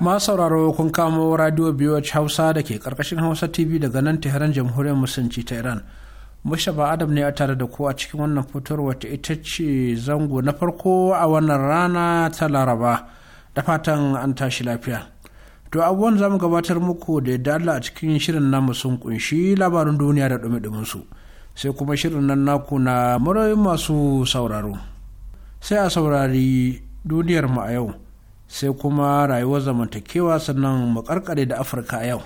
masu sauraro kun kamo radio biyu hausa da ke karkashin hausa tv daga nan tehran jamhuriyar musulunci ta iran mushaba adam ne a tare da ku a cikin wannan fitarwa ta ita ce zango na farko a wannan rana ta laraba da fatan an tashi lafiya to abubuwan za mu gabatar muku da yadda allah a cikin shirin namu sun kunshi labarin duniya da dumi su sai kuma shirin nan naku na murayin masu sauraro sai a saurari duniyar mu a yau sai kuma rayuwar zamantakewa sannan mu karkare da afirka yau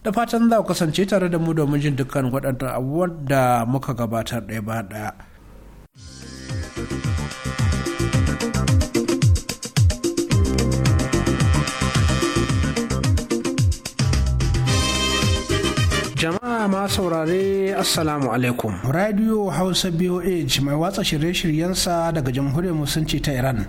da fatan za ku kasance tare da mu domin jin dukkan waɗannan abubuwan da muka gabatar ɗaya ba ɗaya jama'a ma saurare assalamu alaikum radio hausa boh mai watsa shirye-shiryensa daga jamhuriyar musulunci ta iran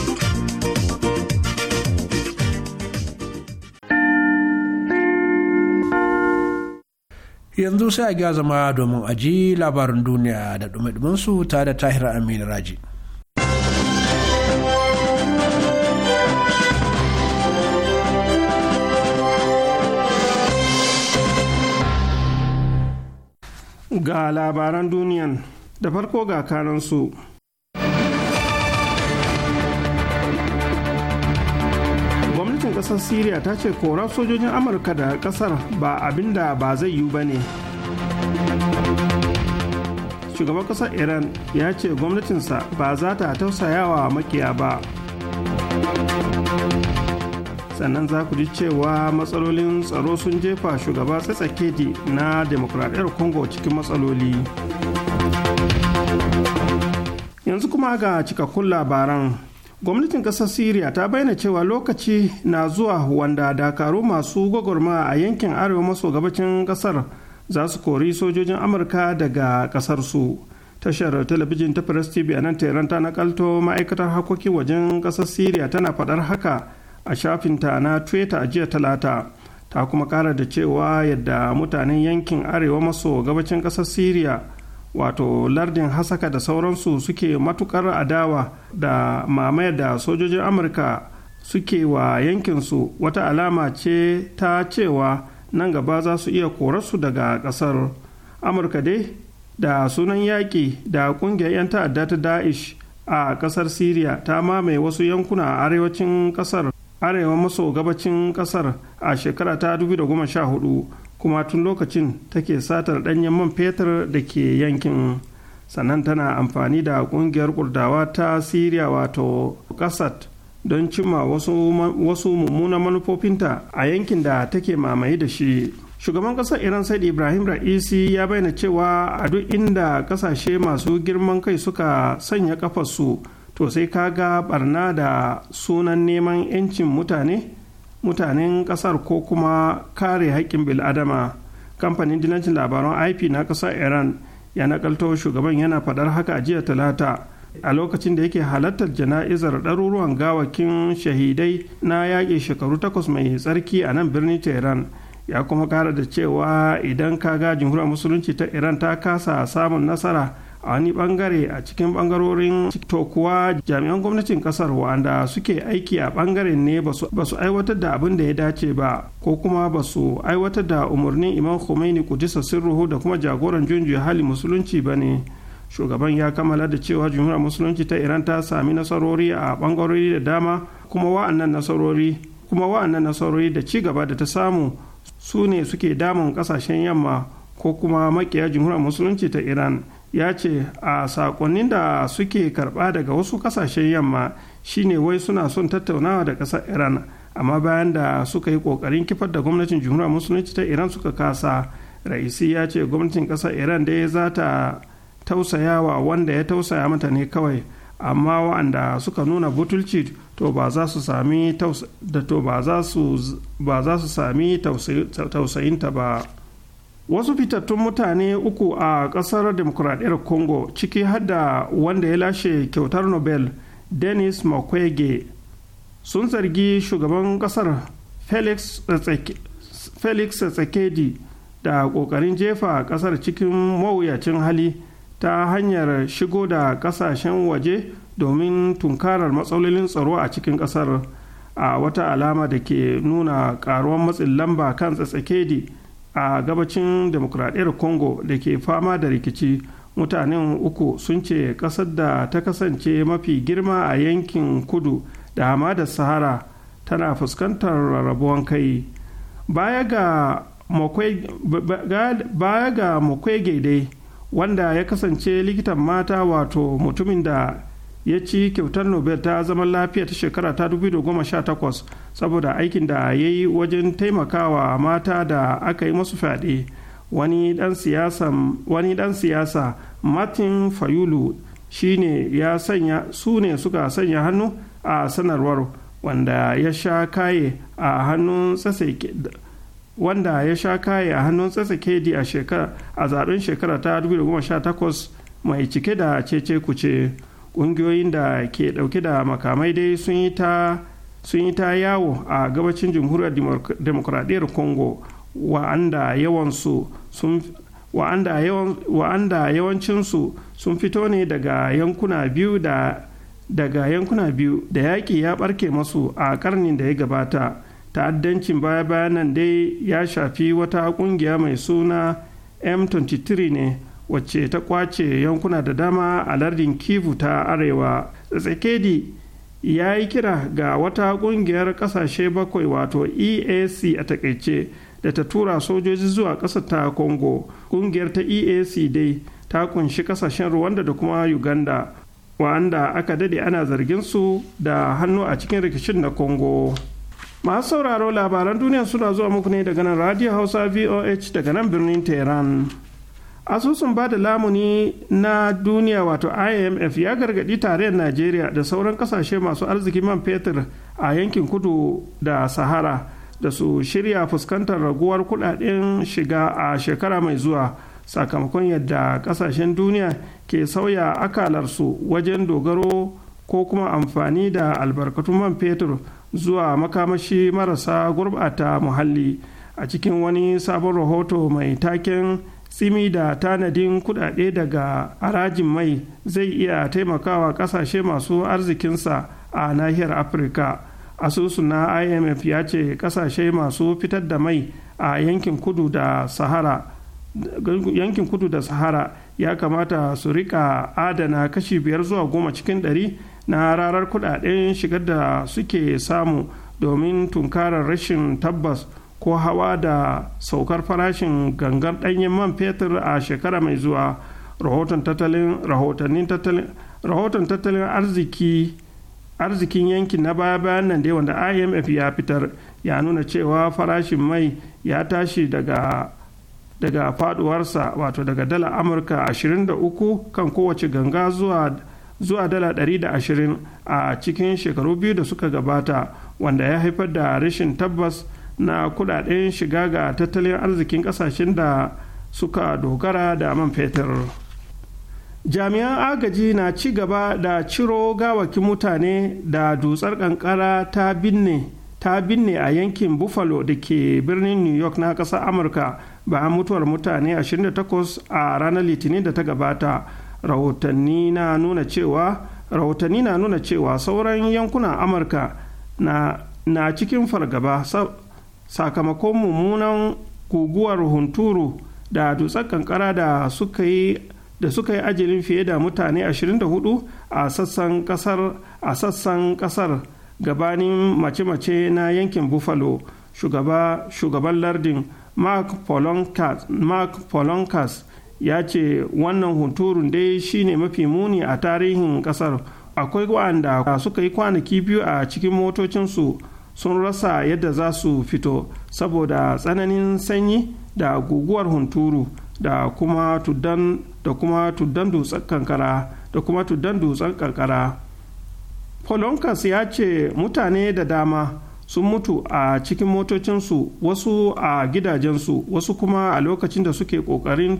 yanzu sai a gya zama domin aji labarin duniya da su ta da Tahira amin raji ga labaran duniyan da farko ga karansu ƙasar syria ta ce korar sojojin amurka da ƙasar ba abin da ba zai yiwu ba ne shugaban ƙasar iran ya ce gwamnatinsa ba za ta tausayawa makiya ba sannan za ku ji cewa matsalolin tsaro sun jefa shugaba tsatsakedi na demokradiyyar congo cikin matsaloli yanzu kuma ga cikakkun labaran gwamnatin kasar syria ta bayyana cewa lokaci na zuwa wanda dakaru masu gwagwarma a yankin arewa maso gabacin kasar za su kori sojojin amurka daga kasar su tashar talabijin ta press tv a nan tehran ta nakalto ma'aikatar harkokin wajen kasar syria tana faɗar haka a shafinta na twitter a jiya talata ta kuma kara da cewa yadda mutanen yankin arewa maso gabacin kasar syria wato lardin hasaka da sauransu suke matukar adawa da mamayar da sojojin amurka suke wa yankinsu wata alama ce ta cewa nan gaba za su iya korarsu daga kasar amurka dai da sunan yaƙi da ƙungiyar 'yan ta'adda ta da'ish a ƙasar syria ta mamaye wasu yankuna a arewacin ƙasar arewa maso gabacin ƙasar a shekara ta 2014 kuma tun lokacin take satar ɗanyen man fetur da ke yankin sannan tana amfani da ƙungiyar kurdawa ta siriya wato ƙasat don cimma wasu mummunan manufofinta a yankin da take mamaye da shi shugaban ƙasar iran said ibrahim ra'isi ya bayyana cewa a duk inda ƙasashe masu girman kai suka sanya kafarsu to sai kaga barna da sunan neman 'yancin mutane mutanen ƙasar ko kuma kare haƙƙin bil'adama kamfanin dinancin labaran ip na ƙasar iran ya nakalto shugaban yana faɗar haka a jiya talata a lokacin da yake halartar jana'izar ɗaruruwan gawakin shahidai na yaƙi shekaru takwas mai tsarki a nan birnin tehran ya kuma kara da cewa idan ka ga jamhuriyar musulunci ta iran ta kasa samun nasara a wani bangare a cikin bangarorin tiktok kuwa jami'an gwamnatin kasar wanda suke aiki a bangaren ne ba su aiwatar da abin da ya dace ba ko kuma ba su aiwatar da umarnin imam khomeini kudisa sirruhu da kuma jagoran junjiya hali musulunci ba ne shugaban ya kammala da cewa jumhuriyar musulunci ta iran ta sami nasarori a bangarori da dama kuma wa'annan nasarori kuma wa'annan nasarori da ci gaba da ta samu su ne suke damun kasashen yamma ko kuma makiya jumhuriyar musulunci ta iran ya ce a saƙonnin da suke karɓa daga wasu ƙasashen yamma shine wai suna son tattaunawa da ƙasar iran amma bayan da suka yi ƙoƙarin kifar da gwamnatin jumhuriyar musulunci ta iran suka kasa raisi ya ce gwamnatin ƙasar iran dai za ta tausayawa wanda ya tausaya mata ne kawai amma wa'anda suka nuna butulci to ba za su sami tausayinta ba wasu fitattun mutane uku a ƙasar demokuraɗiyar congo ciki hada wanda ya lashe kyautar nobel denis makwege sun zargi shugaban ƙasar felix tsakedi da ƙoƙarin jefa ƙasar cikin mawuyacin hali ta hanyar shigo da ƙasashen waje domin tunkarar matsalolin tsaro a cikin ƙasar a wata alama da ke nuna ƙaruwar matsin lamba kan tsakedi a gabacin demokuraɗiyar congo da ke fama da rikici mutanen uku sun ce ƙasar da ta kasance mafi girma a yankin kudu da hamadar sahara tana fuskantar rarrabuwan kai baya ga makwai dai wanda ya kasance likitan mata wato mutumin da ya ci kyautar nobel ta zaman lafiya ta shekara ta 2018 saboda aikin da ya yi wajen taimakawa mata da aka yi masu fyaɗe wani ɗan siyasa martin fayulu ne ya sanya su ne suka sanya hannu a sanarwar wanda ya sha kaye a hannun tsasake wanda ya sha kaye a hannun kedi a zaben shekara ta 2018 mai cike da cece kuce. ƙungiyoyin da ke ɗauke da makamai dai sun yi ta yawo a gabacin jamhuriyar demokuraɗiyar congo wa'anda yawancinsu sun fito ne daga yankuna biyu da daga yankuna biyu da yaƙi ya ɓarke masu a ƙarnin da ya gabata ta'addancin baya bayanan dai ya shafi wata ƙungiya mai suna m23 ne wacce ta kwace yankuna da dama a lardin kivu ta arewa tsakedi ya yi kira ga wata kungiyar kasashe bakwai wato eac a takaice da ta tura sojoji zuwa ƙasar ta congo kungiyar ta eac dai ta kunshi kasashen rwanda da kuma uganda wa'anda aka dade ana zargin su da hannu a cikin rikicin na congo masu sauraro labaran duniya suna zuwa muku ne daga nan radio hausa voh daga nan birnin tehran asusun ba da lamuni na duniya wato imf ya gargadi tarayyar najeriya da sauran kasashe masu arziki man fetur a yankin kudu da sahara da su shirya fuskantar raguwar kudaden shiga a shekara mai zuwa sakamakon yadda kasashen duniya ke sauya akalarsu wajen dogaro ko kuma amfani da albarkatun man fetur zuwa makamashi marasa gurbata muhalli a cikin wani sabon rahoto mai taken tsimi da tanadin kudade daga harajin mai zai iya taimakawa kasashe masu arzikinsa a nahiyar afirka asusu na imf ya ce kasashe masu fitar da mai a yankin kudu da sahara yankin kudu da sahara ya kamata su rika adana kashi biyar zuwa goma cikin ɗari na rarar kudaden shigar da suke samu domin tunkarar rashin tabbas ko hawa da saukar farashin gangar ɗanyen man fetur a shekara mai zuwa rahoton tattalin arziki arzikin yankin na baya bayan nan dai wanda imf ya fitar ya nuna cewa farashin mai ya tashi daga daga faduwarsa wato daga dala amurka 23 kan kowace ganga zuwa zuwa dala 120 a cikin shekaru biyu da suka gabata wanda ya haifar da rashin tabbas na kudaden shiga ga tattalin arzikin kasashen da suka dogara da man fetur jami'an agaji na ci gaba da ciro gawakin mutane da dutsar kankara ta binne ta binne a yankin buffalo da ke birnin new york na ƙasar amurka bayan mutuwar mutane 28 a ranar litinin da ta gabata rahotanni na nuna cewa rahotanni na nuna cewa sauran yankunan amurka na, na cikin fargaba sakamakon mummunan guguwar hunturu da dutsen kankara da suka yi da suka yi ajalin fiye da mutane 24 a sassan kasar a sassan kasar gabanin mace-mace na yankin buffalo shugaba shugaban lardin mark polonkas, ya ce wannan hunturun dai shine mafi muni a tarihin kasar akwai waɗanda suka yi kwanaki biyu a cikin motocinsu sun rasa yadda za su fito saboda tsananin sanyi da guguwar hunturu da kuma tuddan da kuma tuddan dutsen kankara da kuma tuddan dutsen kankara polonkas ya ce mutane da dama sun mutu a cikin motocinsu wasu a gidajensu wasu kuma a lokacin da suke kokarin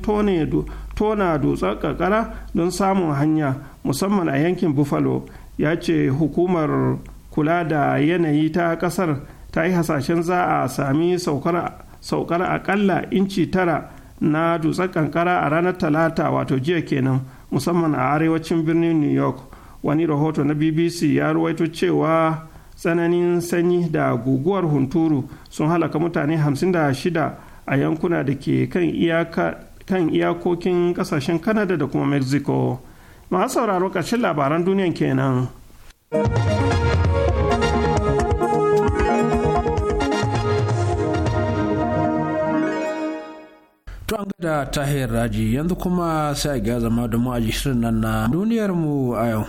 tona dutsen kankara don samun hanya musamman a yankin buffalo ya ce hukumar kula da yanayi ta kasar ta yi hasashen za a sami saukar akalla inci tara na dutsen kankara a ranar talata wato jiya kenan musamman a arewacin birnin new york wani rahoto na bbc ya ruwaito cewa tsananin sanyi da guguwar hunturu sun halaka mutane 56 a yankuna da ke kan iyakokin kasashen kanada da kuma mexico masu sauraro ƙarshen labaran duniyan kenan. To an gada tahir raji yanzu kuma sai ga zama da mu a shirin nan na duniyarmu a yau.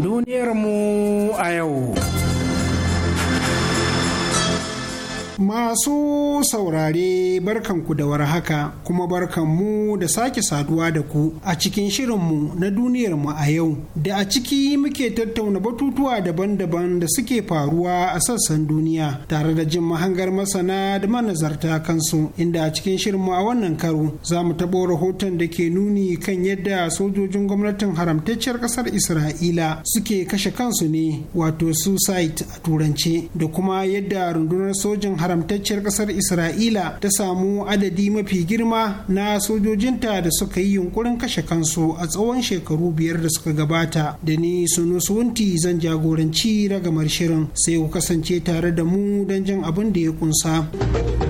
Duniyarmu a yau. Masu saurare barkanku da warhaka kuma barkanmu da sake saduwa da ku a cikin shirinmu na duniyarmu a yau da a ciki muke tattauna batutuwa daban-daban da suke faruwa a sassan duniya tare da jin mahangar masana da manazarta kansu inda a cikin shirin mu a wannan karo za mu tabo rahoton da ke nuni kan yadda sojojin gwamnatin haramtacciyar kasar Isra'ila suke kashe kansu ne wato suicide a turance da kuma yadda rundunar sojin har haramtacciyar kasar isra'ila ta samu adadi mafi girma na sojojinta da suka yi yunkurin kashe kansu a tsawon shekaru biyar da suka gabata da ni sunu suwunti zan jagoranci ragamar shirin sai ku kasance tare da mu don jin abin da ya kunsa.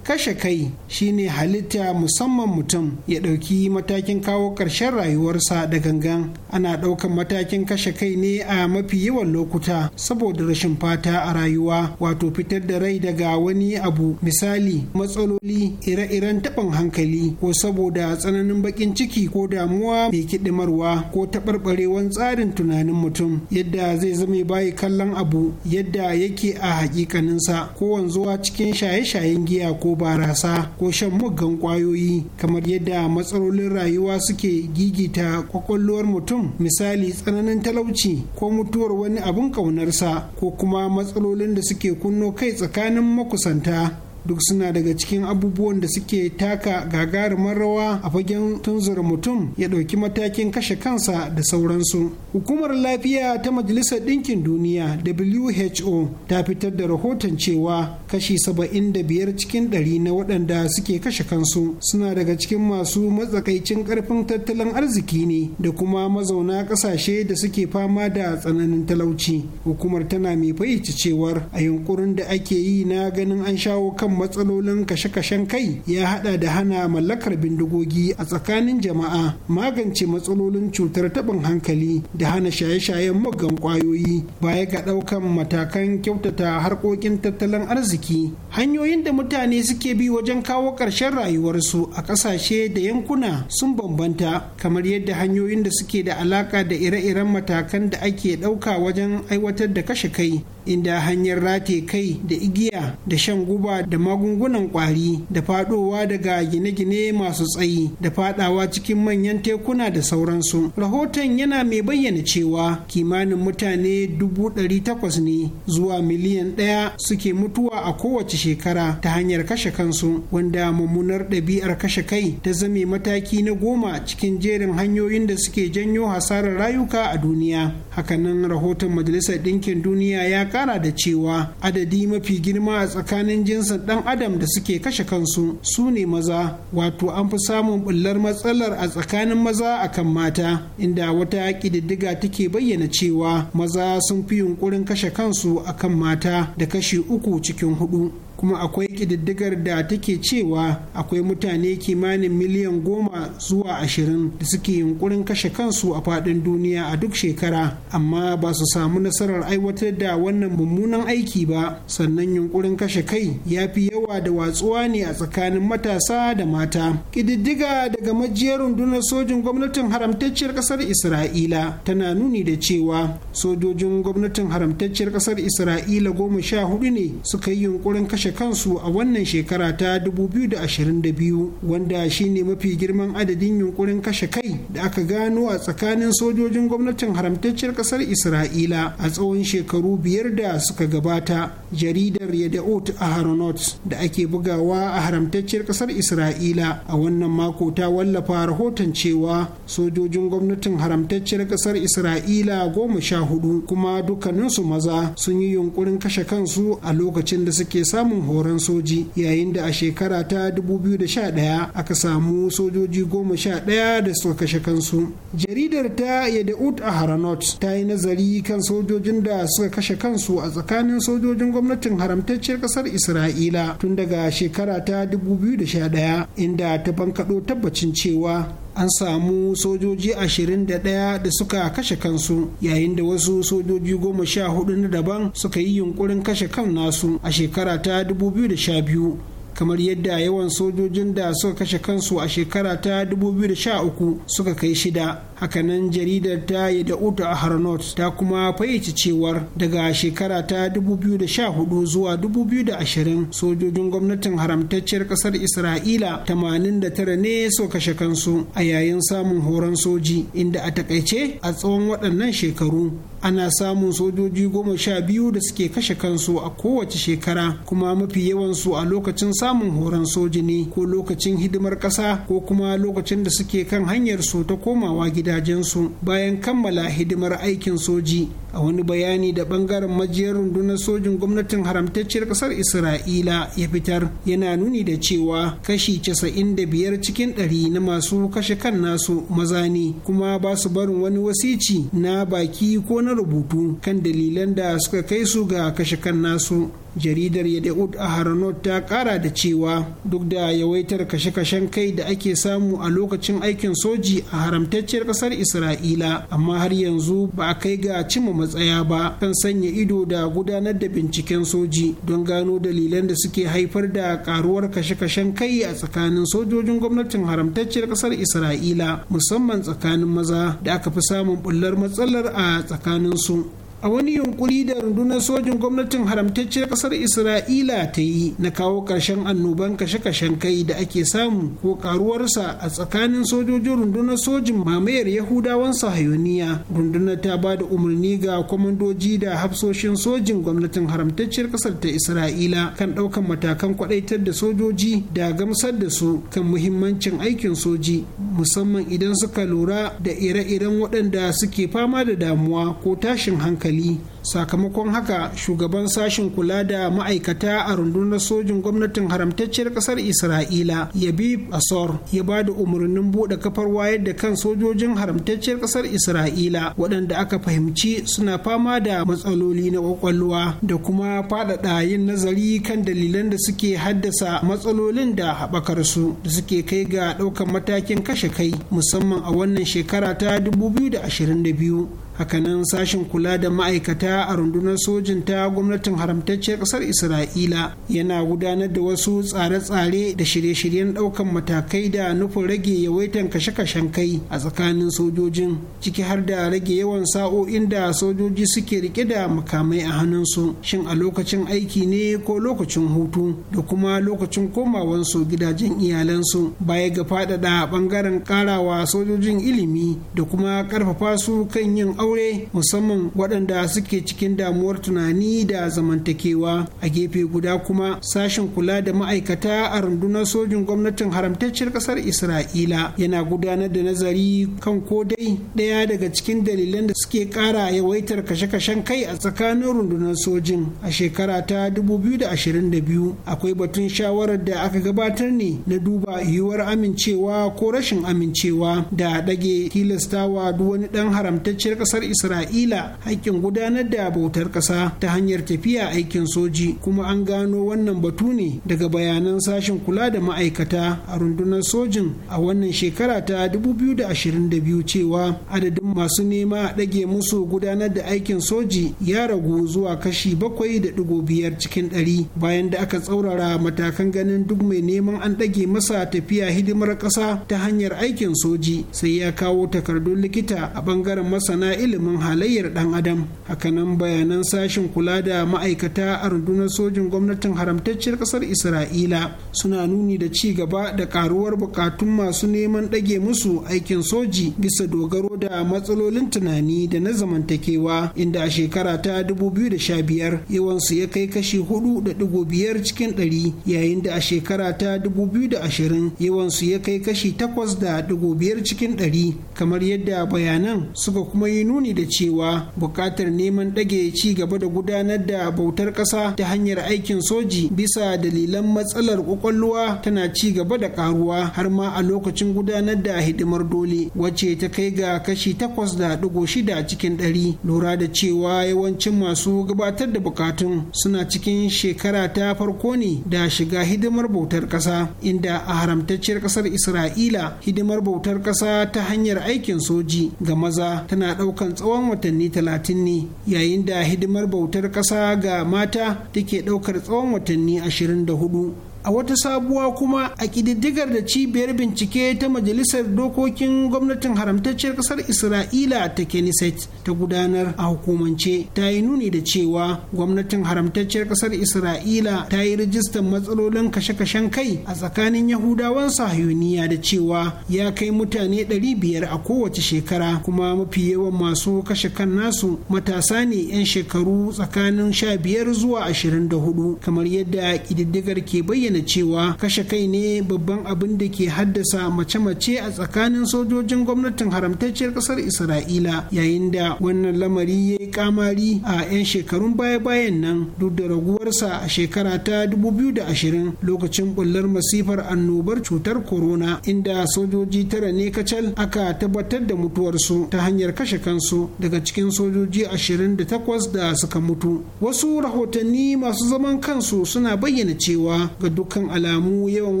kashe kai shine halitta musamman mutum ya ɗauki matakin kawo ƙarshen rayuwarsa da gangan ana ɗaukan matakin kashe kai ne a mafi yawan lokuta saboda rashin fata a rayuwa wato fitar da rai daga wani abu misali matsaloli ire-iren taɓin hankali ko saboda tsananin baƙin ciki ko damuwa mai kiɗimarwa ko taɓarɓarewar tsarin tunanin mutum yadda zai zama bayi kallon abu yadda yake a hakikaninsa ko wanzuwa cikin shaye-shayen giya ko ba barasa ko shan muggan kwayoyi kamar yadda matsalolin rayuwa suke gigita kwakwalwar mutum misali tsananin talauci ko mutuwar wani abin kaunarsa ko kuma matsalolin da suke kunno kai tsakanin makusanta duk suna daga cikin abubuwan da suke taka gagarumar rawa a fagen tunzura mutum ya ɗauki matakin kashe kansa da sauransu. Hukumar lafiya ta Majalisar Ɗinkin Duniya WHO ta fitar da rahoton cewa kashi 75 cikin ɗari na waɗanda suke kashe kansu suna daga cikin masu matsakaicin ƙarfin tattalin arziki ne da kuma mazauna ƙasashe da suke fama da tsananin talauci. Hukumar tana mai cewar a yunkurin da ake yi na ganin an shawo kan kan matsalolin kashe-kashen kai ya hada da hana mallakar bindigogi a tsakanin jama'a magance matsalolin cutar taɓin hankali da hana shaye-shayen muggan kwayoyi baya ga ɗaukan matakan kyautata harkokin tattalin arziki hanyoyin da mutane suke bi wajen kawo ƙarshen rayuwarsu a ƙasashe da yankuna sun bambanta kamar yadda hanyoyin da suke da alaƙa da ire-iren matakan da ake ɗauka wajen aiwatar da kashe kai inda hanyar rate kai da igiya da shan guba da magungunan kwari da fadowa daga gine-gine masu tsayi da fadawa cikin manyan tekuna da sauransu rahoton yana mai bayyana cewa kimanin mutane dubu ɗari takwas ne zuwa miliyan ɗaya suke mutuwa a kowace shekara ta hanyar kashe kansu wanda mummunar ɗabi'ar kashe kai ta zame mataki na goma cikin jerin hanyoyin da suke janyo hasarar rayuka a duniya hakanan rahoton majalisar ɗinkin duniya ya kara da cewa adadi mafi girma a tsakanin jinsin ɗan adam da suke kashe kansu su ne maza wato an fi samun bullar matsalar a tsakanin maza akan mata inda wata ƙididdiga take bayyana cewa maza sun fi yunkurin kashe kansu akan mata da kashi uku cikin hudu kuma akwai ƙididdigar da take cewa akwai mutane kimanin miliyan goma zuwa ashirin da suke yunkurin kashe kansu a faɗin duniya a duk shekara amma ba su samu nasarar aiwatar da wannan mummunan aiki ba sannan yunkurin kashe kai ya fi yawa da watsuwa ne a tsakanin matasa da mata ƙididdiga daga majiyar rundunar sojin gwamnatin haramtacciyar ƙasar isra'ila tana nuni da cewa sojojin gwamnatin haramtacciyar ƙasar isra'ila goma sha hudu ne suka yi yunkurin kashe kashe kansu a wannan shekara ta 2022 wanda shine mafi girman adadin yunkurin kashe kai da aka gano a tsakanin sojojin gwamnatin haramtacciyar kasar isra'ila a tsawon shekaru biyar da suka gabata jaridar yadda'ut a haronot da ake bugawa a haramtacciyar kasar isra'ila a wannan mako ta wallafa rahoton cewa sojojin gwamnatin haramtacciyar kasar isra'ila goma sha hudu kuma dukkaninsu maza sun yi yunkurin kashe kansu a lokacin da suke samun horon soji yayin da a shekara ta 2011 aka samu sojoji goma sha ɗaya da suka kashe kansu jaridar ta ut a haranot ta yi nazari kan sojojin da suka kashe kansu a tsakanin sojojin gwamnatin haramtacciyar ƙasar isra'ila tun daga shekara ta 2011 inda ta bankaɗo tabbacin cewa an samu sojoji ashirin da ɗaya da suka kashe kansu yayin da wasu sojoji goma sha hudu na daban suka yi yunkurin kashe kan nasu a shekara ta 2012 kamar yadda yawan sojojin da suka kashe kansu a shekara ta 2013 suka kai shida hakanan jaridar ta yi da uta Harnot ta kuma fayyace cewar daga shekara ta 2014 zuwa 2020 sojojin gwamnatin haramtacciyar kasar isra'ila 89 ne so kashe kansu a yayin samun horon soji inda a takaice a tsawon waɗannan shekaru ana samun sojoji goma sha biyu da suke kashe kansu a kowace shekara kuma mafi yawansu a lokacin samun horon soji ne ko lokacin hidimar ƙasa ko kuma lokacin da suke kan hanyar su ta komawa gida gidajensu bayan kammala hidimar aikin soji a wani bayani da bangaren majiyar rundunar sojin gwamnatin haramtacciyar kasar isra'ila ya fitar yana nuni da cewa kashi casa'in da biyar cikin ɗari na masu kashe kan nasu maza ne kuma ba su barin wani wasici na baki ko na rubutu kan dalilan da suka kai su ga kashe kan nasu jaridar yadda'ud a haranot ta kara da cewa duk da yawaitar kashe-kashen kai da ake samu a lokacin aikin soji a haramtacciyar kasar isra'ila amma har yanzu ba a kai ga cimma matsaya ba kan sanya ido da gudanar da binciken soji don gano dalilan da suke haifar da karuwar kashe-kashen kai a tsakanin sojojin gwamnatin haramtacciyar kasar isra'ila musamman tsakanin maza da aka fi samun bullar matsalar a tsakanin su a wani yunkuri da rundunar sojin gwamnatin haramtacciyar kasar isra'ila ta yi na kawo ƙarshen annoban kashe-kashen kai da ake samu ko karuwarsa a tsakanin sojojin rundunar sojin mamayar yahudawan sahayoniya rundunar ta ba da umarni ga kwamandoji da hafsoshin sojin gwamnatin haramtacciyar kasar ta isra'ila kan ɗaukan matakan kwaɗaitar da sojoji da gamsar da su kan muhimmancin aikin soji musamman idan suka lura da ire-iren waɗanda suke fama da damuwa ko tashin hankali hankali sakamakon haka shugaban sashen kula da ma'aikata a rundunar sojin gwamnatin haramtacciyar kasar isra'ila yabib asor ya ba da umarnin buɗe kafar wayar da kan sojojin haramtacciyar kasar isra'ila waɗanda aka fahimci suna fama da matsaloli na kwakwalwa da kuma faɗaɗa yin nazari kan dalilan da suke haddasa matsalolin da haɓakar su da suke kai ga ɗaukar matakin kashe kai musamman a wannan shekara ta 2022 hakanan sashen kula da ma'aikata a rundunar sojin ta gwamnatin haramtacciyar ƙasar isra'ila yana gudanar da wasu tsare-tsare da shirye-shiryen ɗaukan matakai da nufin rage yawaitan kashe-kashen kai a tsakanin sojojin ciki har da rage yawan sa'o'in da sojoji suke rike da makamai a hannunsu shin a lokacin aiki ne ko lokacin hutu da kuma lokacin komawansu gidajen iyalansu baya ga faɗaɗa ɓangaren ƙarawa sojojin ilimi da kuma ƙarfafa su kan yin aure musamman waɗanda suke cikin damuwar tunani da zamantakewa a gefe guda kuma sashen kula da ma'aikata a rundunar sojin gwamnatin haramtacciyar ƙasar isra'ila yana gudanar da nazari kan ko dai ɗaya daga cikin dalilan da suke ƙara yawaitar kashe-kashen kai a tsakanin rundunar sojin a shekara ta 2022 akwai batun shawarar da aka gabatar ne na duba yiwuwar amincewa ko rashin amincewa da ɗage tilastawa duk wani ɗan haramtacciyar ƙasar kasar isra'ila haƙƙin gudanar da bautar ƙasa ta hanyar tafiya aikin soji kuma an gano wannan batu ne daga bayanan sashen kula da ma'aikata a rundunar sojin a wannan shekara ta 2022 cewa adadin masu nema a ɗage musu gudanar da aikin soji ya ragu zuwa kashi bakwai da biyar cikin ɗari bayan da aka tsaurara matakan ganin duk mai neman an ɗage masa tafiya hidimar ƙasa ta hanyar aikin soji sai ya kawo takardun likita a ɓangaren masana ilimin halayyar ɗan adam hakanan bayanan sashin kula da ma'aikata a rundunar sojin gwamnatin haramtacciyar ƙasar isra'ila suna nuni da ci gaba da ƙaruwar bukatun masu neman ɗage musu aikin soji bisa dogaro da matsalolin tunani da na zamantakewa inda a shekara ta 2015 yawansu ya kai kashi hudu da 4.5 cikin 100 yayin da a shekara ta 2020 yawansu ya kai kashi takwas da 8.5 cikin 100 kamar yadda bayanan suka kuma yi nuni da cewa buƙatar neman ɗage ci gaba da gudanar da bautar ƙasa ta hanyar aikin soji bisa dalilan matsalar ƙwaƙwalwa tana ci gaba da ƙaruwa har ma a lokacin gudanar da hidimar dole wacce ta kai ga kashi takwas da ɗigo shida cikin ɗari lura da cewa yawancin masu gabatar da bukatun suna cikin shekara ta farko ne da shiga hidimar bautar ƙasa inda a haramtacciyar ƙasar isra'ila hidimar bautar ƙasa ta hanyar aikin soji ga maza tana ɗauka daukan tsawon watanni talatin ne yayin da hidimar bautar ƙasa ga mata take ɗaukar tsawon watanni ashirin da hudu a wata sabuwa kuma a kididdigar da cibiyar bincike ta majalisar dokokin gwamnatin haramtacciyar ƙasar isra'ila ta keniset ta gudanar a hukumance ta yi nuni da cewa gwamnatin haramtacciyar ƙasar isra'ila ta yi rijistar matsalolin kashe-kashen kai a tsakanin yahudawan sahiyoniya da cewa ya kai mutane 500 a kowace shekara kuma mafi yawan masu kashe kan nasu matasa ne 'yan shekaru tsakanin 15 zuwa 24 kamar yadda ƙididdigar ke bayyana bayyana cewa kashe kai ne babban abin da ke haddasa mace-mace a tsakanin sojojin gwamnatin haramtacciyar kasar isra'ila yayin da wannan lamari ya yi kamari a 'yan shekarun baya-bayan nan duk da raguwarsa a shekara ta 2020 lokacin bullar masifar annobar cutar corona inda sojoji tara ne kacal aka tabbatar da mutuwarsu ta hanyar kashe kansu daga cikin sojoji 28 da suka mutu wasu rahotanni masu zaman kansu suna bayyana cewa ga dukkan alamu yawan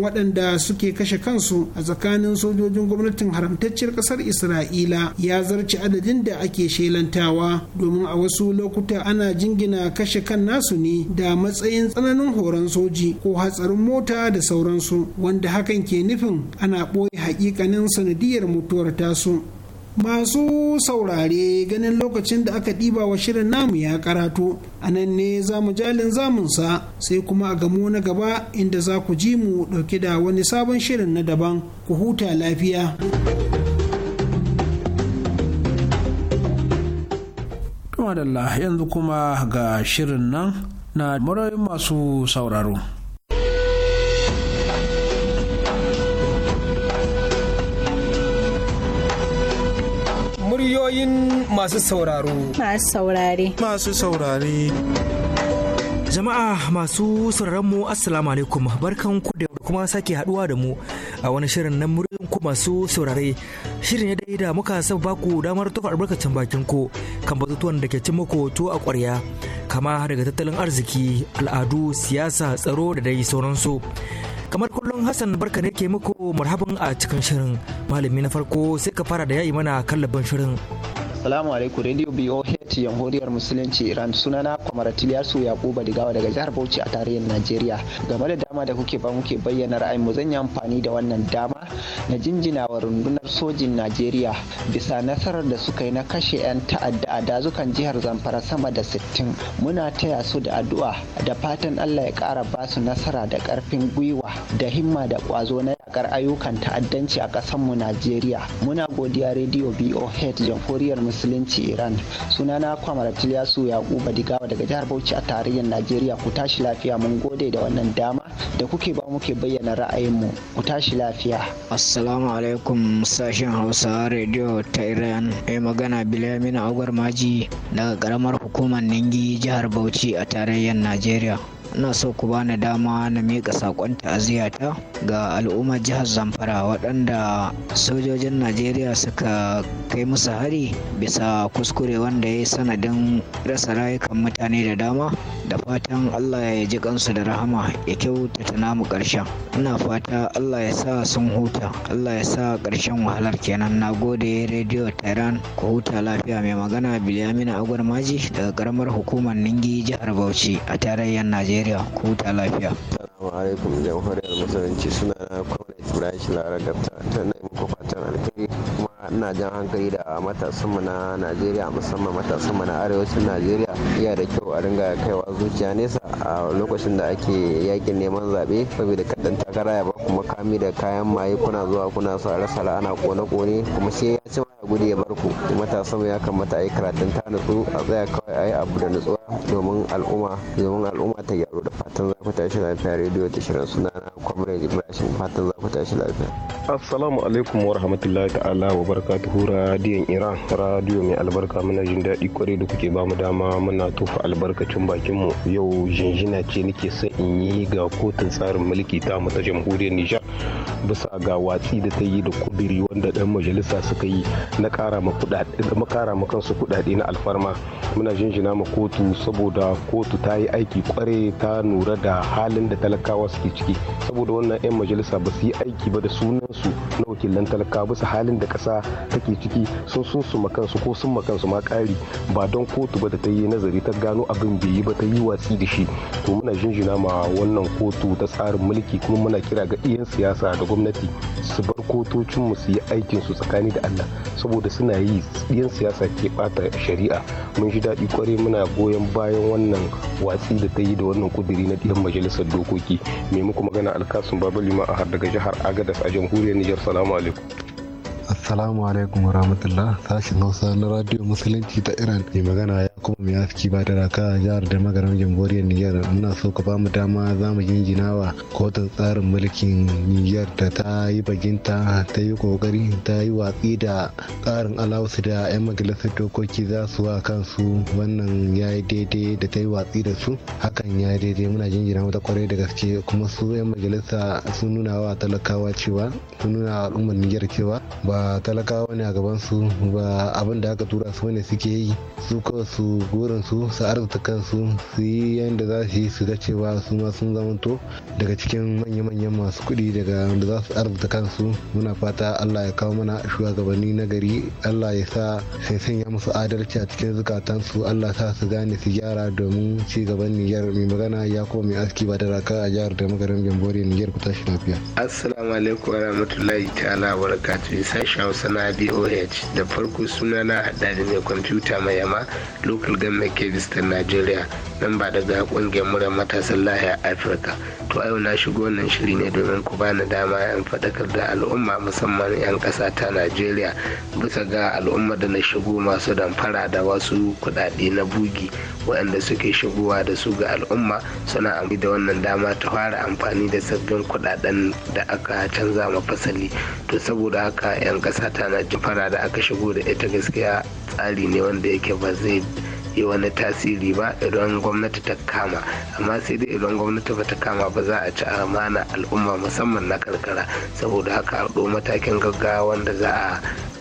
waɗanda suke kashe kansu a tsakanin sojojin gwamnatin haramtacciyar ƙasar isra'ila ya zarci adadin da ake shelantawa domin a wasu lokuta ana jingina kashe kan nasu ne da matsayin tsananin horon soji ko hatsarin mota da sauransu wanda hakan ke nufin ana ɓoye haƙiƙanin sanadiyar mutuwar tasu Masu saurare ganin lokacin da aka ɗiba wa shirin namu ya karatu a nan ne za mu jalin zamunsa sai kuma a gamo na gaba inda za ku ji mu ɗauki da wani sabon shirin na daban ku huta lafiya. Tumadalla yanzu kuma ga shirin nan na masu sauraro. ra'ayoyin masu sauraro. Masu saurare. Masu saurare. Jama'a masu sauraron mu Assalamu alaikum barkan ku da kuma sake haduwa da mu a wani shirin na murin ku masu saurare shirin ya dai da muka sa baku damar tufa albarkacin bakin ku kan batutuwan da ke cin muku to a ƙwarya kama daga tattalin arziki al'adu siyasa tsaro da dai sauransu kamar kullum hassan barka ne ke muku marhaban a cikin shirin malami na farko sai ka fara da yayi mana kallabin shirin Assalamu alaikum Radio BOH Jamhuriyar Musulunci Iran sunana Kwamaratil Yasu Yakuba Digawa daga jihar Bauchi a tarihin Najeriya. Game da dama da kuke ba muke bayyana ra'ayin mu zan yi amfani da wannan dama na jinjina rundunar sojin Najeriya bisa nasarar da suka yi na kashe 'yan ta'adda a dazukan jihar Zamfara sama da sittin. Muna taya su da addu'a da fatan Allah ya kara basu nasara da karfin gwiwa da himma da ƙwazo na yakar ayyukan ta'addanci a ƙasar mu Najeriya. Muna godiya Radio BOH Jamhuriyar musulunci iran sunana kwamar tiliyasu kuba digawa daga jihar bauchi a tarayyar najeriya ku tashi lafiya mun gode da wannan dama da kuke ba muke bayyana ra'ayinmu ku tashi lafiya assalamu alaikum sashen hausa radio ta iran mai magana bilamina agwar maji daga karamar hukumar ningi jihar bauchi a tarayyar najeriya ina so ku bani dama na miƙa saƙon ta'aziyata ga al'ummar jihar zamfara waɗanda sojojin najeriya suka kai musu hari bisa kuskure wanda ya yi sanadin rasa rayukan mutane da dama da fatan allah ya ji kansu da rahama ya kyautata namu ƙarshen ina fata allah ya sa sun huta allah ya sa ƙarshen wahalar kenan na gode rediyo tehran ku huta lafiya mai magana biliyamina agwar maji daga ƙaramar hukumar ningi jihar bauchi a tarayyar najeriya Najeriya ku ta lafiya. Assalamu alaikum jamhuriyar musulunci suna na kwamnati Ibrahim Lara Gafta ta nai muku fatan alkhairi kuma ina jan hankali da matasan mu na Najeriya musamman matasan mu na arewacin Najeriya iya da kyau a ringa kaiwa zuciya nesa a lokacin da ake yakin neman zaɓe saboda kaɗan takara ya ba kuma makami da kayan maye kuna zuwa kuna sa rasa ana kone-kone kuma sai ya ci ya gudu ya bar ku matasan ya kamata a yi karatun ta nutsu a tsaya kawai a yi abu da nutsuwa domin al'umma domin al'umma ta gyaru da fatan za ku tashi lafiya rediyo ta shirin suna na kwamrade ibrahim fatan za ku tashi lafiya assalamu alaikum wa rahmatullahi ta'ala wa barakatuhu radiyon iran radiyo mai albarka muna jin daɗi kwarai da kuke bamu dama muna tofa albarkacin bakin mu yau jinjina ce nake son in yi ga kotun tsarin mulki ta mu ta jamhuriyar nijar bisa ga watsi da ta yi da kuduri wanda dan majalisa suka yi na kara ma kansu kudade na alfarma muna jinjina ma kotu saboda kotu ta yi aiki kware ta nura da halin da talakawa suke ciki saboda wannan 'yan majalisa ba su yi aiki ba da sunansu na wakilan talakawa bisa halin da kasa take ciki sun sun su makansu ko sun makansu ma kari ba don kotu ba da ta yi nazari ta gano abin bai yi ba ta yi watsi da shi to muna jinjina ma wannan kotu ta tsarin mulki kuma muna kira ga iyan siyasa da gwamnati su bar kotocinmu su yi aikin su tsakani da Allah saboda suna yi iyan siyasa ke bata shari'a mun ji daɗi kware muna goyon bayan wannan watsi da ta yi da wannan kuduri na ɗiyan majalisar dokoki mai muku magana alkasun babalima a daga jihar agadas a jamhuriyar nijar salamu alaikum Assalamu alaikum rahmatullah sashen Hausa na Radio Musulunci ta Iran mai magana kuma mai aski ba da raka a jihar da magaran jamhuriyar niger ana so ka bamu dama za mu jinjina wa kotun tsarin mulkin niger da ta yi baginta ta yi kokari ta yi watsi da tsarin alawusu da 'yan majalisar dokoki za su wa kansu wannan ya yi daidai da ta yi watsi da su hakan ya yi daidai muna jinjina wata kwarai da gaske kuma su 'yan majalisa sun nuna wa talakawa cewa sun nuna wa al'ummar niger cewa ba talakawa ne a gaban su ba abin da aka tura su ne suke yi su kawai su su su su arzuta kansu su yi yadda za su yi su ga cewa su ma sun zamanto daga cikin manya-manyan masu kuɗi daga wanda za su arzuta kansu muna fata allah ya kawo mana shugabanni na gari allah ya sa sai sanya musu adalci a cikin zukatansu allah sa su gane su gyara domin ci gaban niyyar mai magana ya kuma mai aski ba da raka a jihar da magarin jamboree niyyar ku tashi lafiya assalamu alaikum warahmatullahi ta'ala barakatuh sashen sana'a boh da farko suna na hada da mai kwamfuta mai yama local government kebis ta najeriya nan ba daga kungiyar murar matasan lahiyar afirka to a yau na shigo wannan shiri ne domin ku bani dama yan faɗakar da al'umma musamman yan ƙasa ta najeriya bisa ga al'umma da na shigo masu damfara da wasu kuɗaɗe na bugi waɗanda suke shigowa da su ga al'umma suna amfani da wannan dama ta fara amfani da sabbin kuɗaɗen da aka canza ma fasali to saboda haka 'yan ƙasa ta na fara da aka shigo da ita gaskiya tsari ne wanda yake ba zai yi wani tasiri ba idan gwamnati ta kama amma sai dai idan gwamnati ba ta kama ba za a ci amana al'umma musamman na karkara saboda haka a matakin gaggawa wanda za a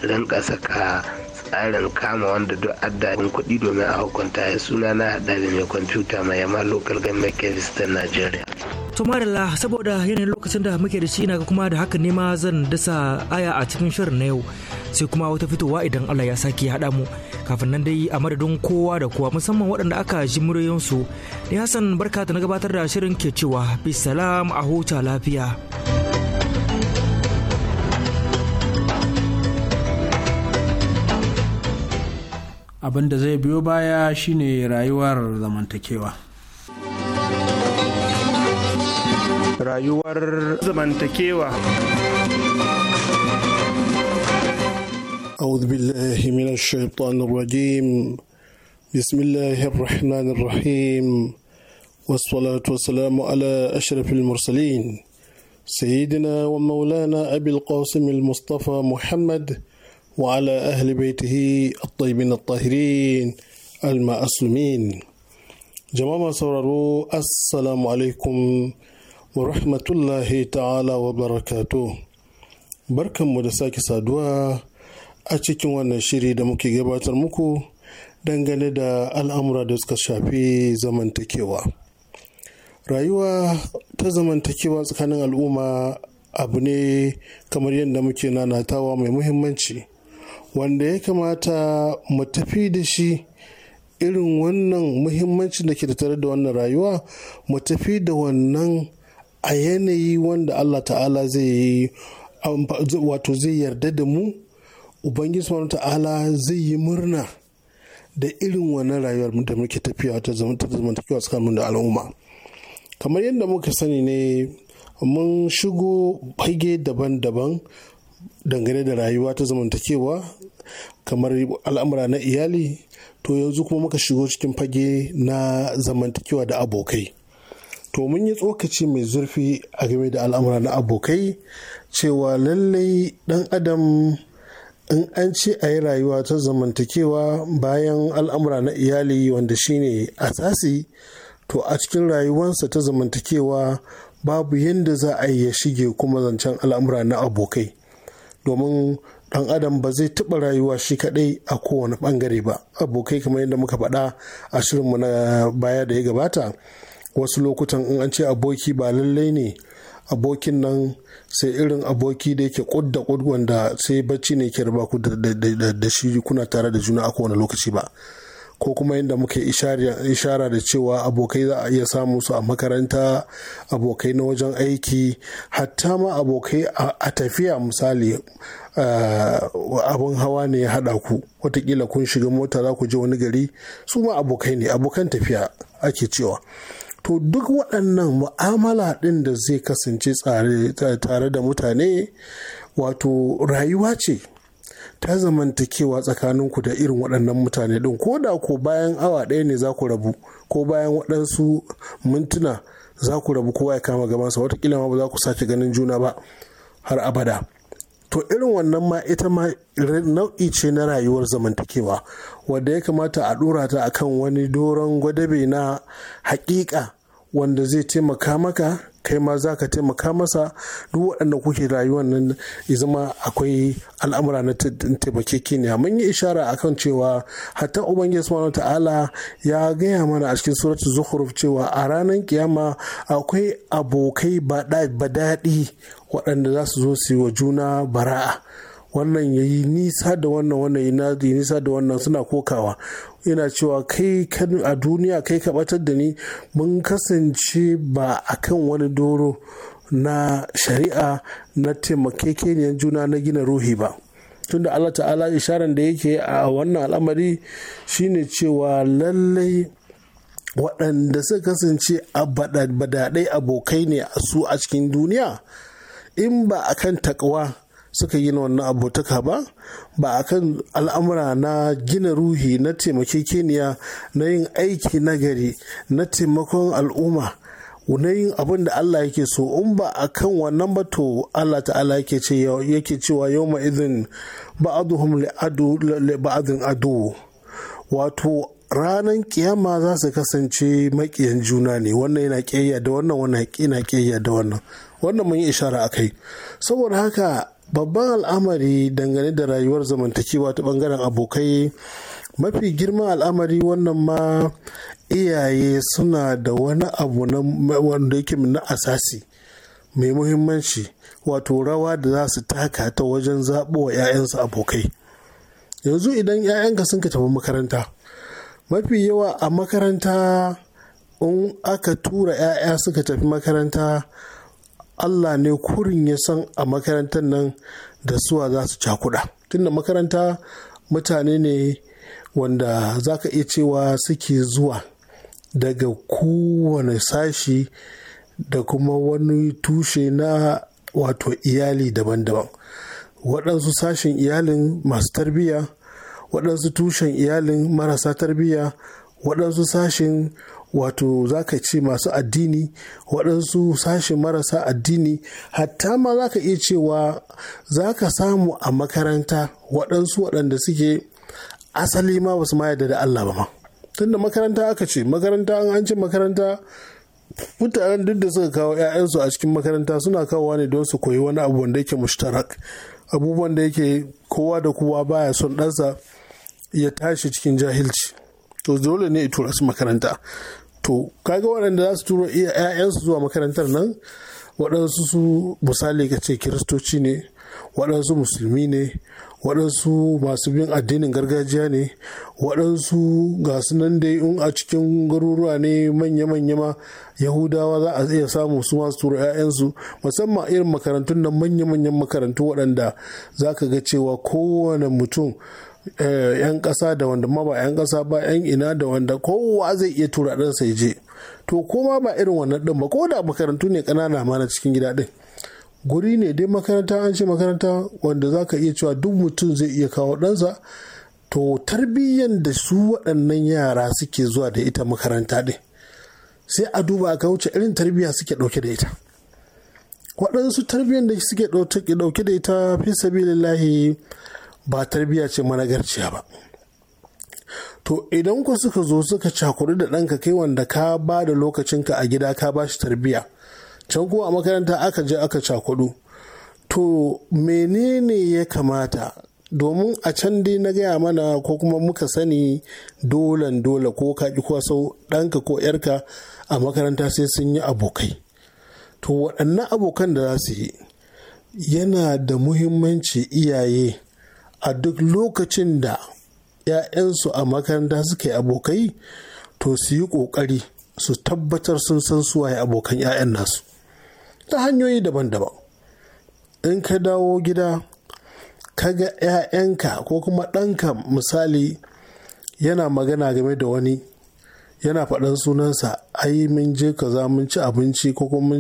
rinka saka tsarin kama wanda duk addadin kuɗi domin a hukunta ya suna na haɗa da mai kwamfuta mai yamma local government kyrgyzstan nigeria to marilla saboda yanayin lokacin da muke da shi ina kuma da haka nema zan dasa aya a cikin shirin na yau sai kuma wata fitowa idan Allah ya sake haɗa mu kafin nan dai a madadin kowa da kowa musamman waɗanda aka ji muryoyinsu ni Hassan barka ta na gabatar da shirin ke cewa bi salam a huta lafiya. abin da zai biyo baya shine rayuwar zamantakewa. Rayuwar zamantakewa. أعوذ بالله من الشيطان الرجيم بسم الله الرحمن الرحيم والصلاة والسلام على أشرف المرسلين سيدنا ومولانا أبي القاسم المصطفى محمد وعلى أهل بيته الطيبين الطاهرين المعصومين جماعة سورارو السلام عليكم ورحمة الله تعالى وبركاته بركم ودساك سادوا a cikin wannan shiri da muke gabatar muku dangane da al'amura da suka shafi zamantakewa rayuwa ta zamantakewa tsakanin al'umma abu ne kamar yadda muke nanatawa mai muhimmanci wanda ya kamata mu tafi da shi irin wannan muhimmancin da ke tare da wannan rayuwa mu tafi da wannan a yanayi wanda allah ta'ala zai yi wato zai yarda da mu ubangiji subhanahu ta'ala zai yi murna da irin wannan rayuwar da muke tafiya ta kewa tsakanin da al'umma kamar yadda muka sani ne mun shigo fage daban-daban dangane da rayuwa ta zamantakewa kamar al'amura na iyali to yanzu kuma muka shigo cikin fage na zamantakewa da abokai to mun yi tsokaci mai zurfi a game da al'amura na abokai cewa lallai dan adam in an ce a yi rayuwa ta zamantakewa bayan al'amura na iyali wanda shine asasi to a cikin rayuwarsa ta zamantakewa babu yadda za a yi ya shige kuma zancen al'amura na abokai domin dan adam ba zai taɓa rayuwa shi kaɗai a kowane ɓangare ba abokai kamar yadda muka faɗa a shirinmu na baya da ya gabata wasu lokutan in an ce aboki ba lallai ne abokin nan sai irin aboki da yake kud da kud wanda sai bacci ne ke raba ku da shi kuna tare da juna a kowane lokaci ba ko kuma yadda muka ishara da cewa abokai za a iya samu su a makaranta abokai na wajen aiki hatta ma abokai a tafiya misali abin hawa ne ya haɗa ku watakila kun shiga mota za ku je wani gari su ma abokai ne abokan tafiya ake cewa to duk waɗannan mu'amala ɗin da zai kasance tare da mutane wato rayuwa ce ta zamantakewa tsakaninku da irin waɗannan mutane ɗin ko da ko bayan awa ɗaya ne za ku rabu ko bayan waɗansu mintuna za ku rabu kowa ya kama gabansa watakila ma ba za ku sake ganin juna ba har abada to irin wannan ma ita ma nau'i ce na rayuwar zamantakewa wadda ya kamata a ɗora ta akan wani doron gwadabe na haƙiƙa wanda zai taimaka maka kai ma za ka taimaka masa duk waɗanda kuke rayuwar nan ya zama akwai al'amura na ne. mun yi ishara akan cewa hatta ubangiji subhanahu ta'ala ya gaya mana a cikin surat zuhruf cewa a ranar kiyama akwai abokai ba daɗi waɗanda za su zo su yi wa juna bara'a wannan ya yi nisa da wannan wannan ya yi nisa da wannan suna kokawa yana cewa kai a duniya kai ka batar da ni mun kasance ba a kan wani doro na shari'a na taimakekeniyar juna na gina ruhi ba tunda Allah ta'ala isharar da yake a wannan al'amari shine cewa lallai waɗanda suka kasance a badaɗai abokai ne a su a cikin duniya in ba a kan takwa suka yi na wannan abotaka ba ba a kan al'amura na gina ruhi na taimakekeniya na yin aiki nagari na taimakon al'umma na yin abin da Allah yake so in ba a kan wannan ba to Allah ta'ala yake cewa yau izin ba'aduhum li'adun adu wato ranar kiyama za su kasance makiyan juna ne wannan yana ƙiyayya da wannan wannan yana ƙiyayya da wannan wannan mun yi ishara akai saboda haka babban al'amari dangane da rayuwar zamantakewa ta bangaren abokai mafi girman al'amari wannan ma iyaye suna da wani abu wanda yake na asasi mai muhimmanci wato rawa da za su taka ta wajen zaɓowa 'ya'yansu abokai yanzu idan 'ya'yanka sun ka tafi makaranta mafi yawa a makaranta in aka tura 'ya'ya suka tafi makaranta Allah ne kurin ya san a makarantar nan da suwa za su cakuɗa tunda makaranta mutane ne wanda za ka iya cewa suke zuwa daga kowane sashi da kuma wani tushe na wato iyali daban-daban waɗansu sashen iyalin masu tarbiyya waɗansu tushen iyalin marasa tarbiyya waɗansu sashen wato za ka ce masu addini waɗansu sashen marasa addini hatta ma za ka iya cewa za ka samu a makaranta waɗansu waɗanda suke asali ma ba su ma yarda da Allah ba ma tunda makaranta aka ce makaranta an an ce makaranta mutanen duk da suka kawo 'ya'yansu a cikin makaranta suna kawowa ne don su koyi wani abu wanda yake mushtarak abubuwan da yake kowa da kowa baya son ɗansa ya tashi cikin jahilci to dole ne ya tura su makaranta to kaga waɗanda za su turo 'ya'yansu zuwa makarantar nan waɗansu su misali ka ce kiristoci ne waɗansu musulmi ne waɗansu masu bin addinin gargajiya ne waɗansu ga nan dai a cikin garuruwa ne manya-manya ma yahudawa za a iya samu su masu tura 'ya'yansu musamman irin makarantun nan manya-manyan makarantu waɗanda za ka ga cewa kowane mutum Eh, 'yan kasa da wanda ma ba 'yan ƙasa ba 'yan ina da wanda kowa zai iya tura ɗansa ya je to koma ba irin wannan ɗin ba ko da makarantu ne kanana ma na cikin gida din guri ne dai makaranta an ce makaranta wanda za ka iya cewa duk mutum zai iya kawo ɗansa to tarbiyyan da su waɗannan yara suke zuwa da ita makaranta din sai a duba ka wuce irin tarbiyya suke ɗauke da ita waɗansu tarbiyyan da suke ɗauke da ita fi sabilillahi ba tarbiyya ce managarciya ba to idan ku suka zo suka cakuri da ɗanka kai wanda ka ba da lokacinka a gida ka ba shi tarbiyya can kuma a makaranta aka je aka cakudu to menene ya kamata domin a can dai na gaya mana ko kuma muka sani dolan dole ko kaƙi kwaso ɗanka ko ‘yarka a makaranta sai sun yi abokai to waɗannan abokan da za su yi yana da muhimmanci iyaye a duk lokacin da 'ya'yansu a makaranta suke abokai to su yi ƙoƙari su tabbatar sun san suwaye abokan 'ya'yan nasu ta hanyoyi daban-daban in ka dawo gida ka ga 'ya'yanka ko kuma ɗanka misali yana magana game da wani yana faɗan sunansa ai mun je kaza mun ci abinci ko kuma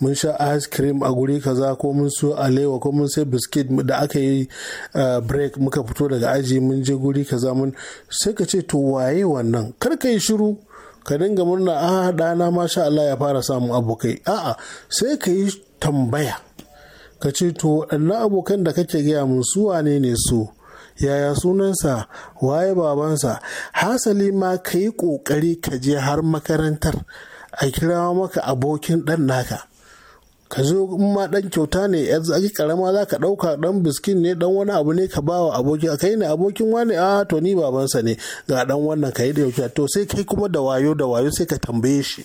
mun sha ice cream a guri kaza ko mun so alewa ko mun sai biskit da aka yi eh, break muka fito daga aji mun je guri kaza mun sai ka ce to waye wannan kar ka yi shiru ka dinga murna a ah, na masha Allah ya fara samun abokai a'a sai ka yi tambaya ka ce to waɗannan abokan da kake gaya mun su wane ne su yaya sunansa waye babansa hasali ma ka yi ƙoƙari ka je har makarantar a kira maka abokin ɗan naka ka zo in ma dan kyauta ne ya zaki karama za ka dauka dan biskin ne dan wani abu ne ka ba wa abokin a kai ne abokin wani a ah, to ni babansa ne ga dan wannan ka yi da yauki to sai kai kuma da wayo da wayo sai ka tambaye shi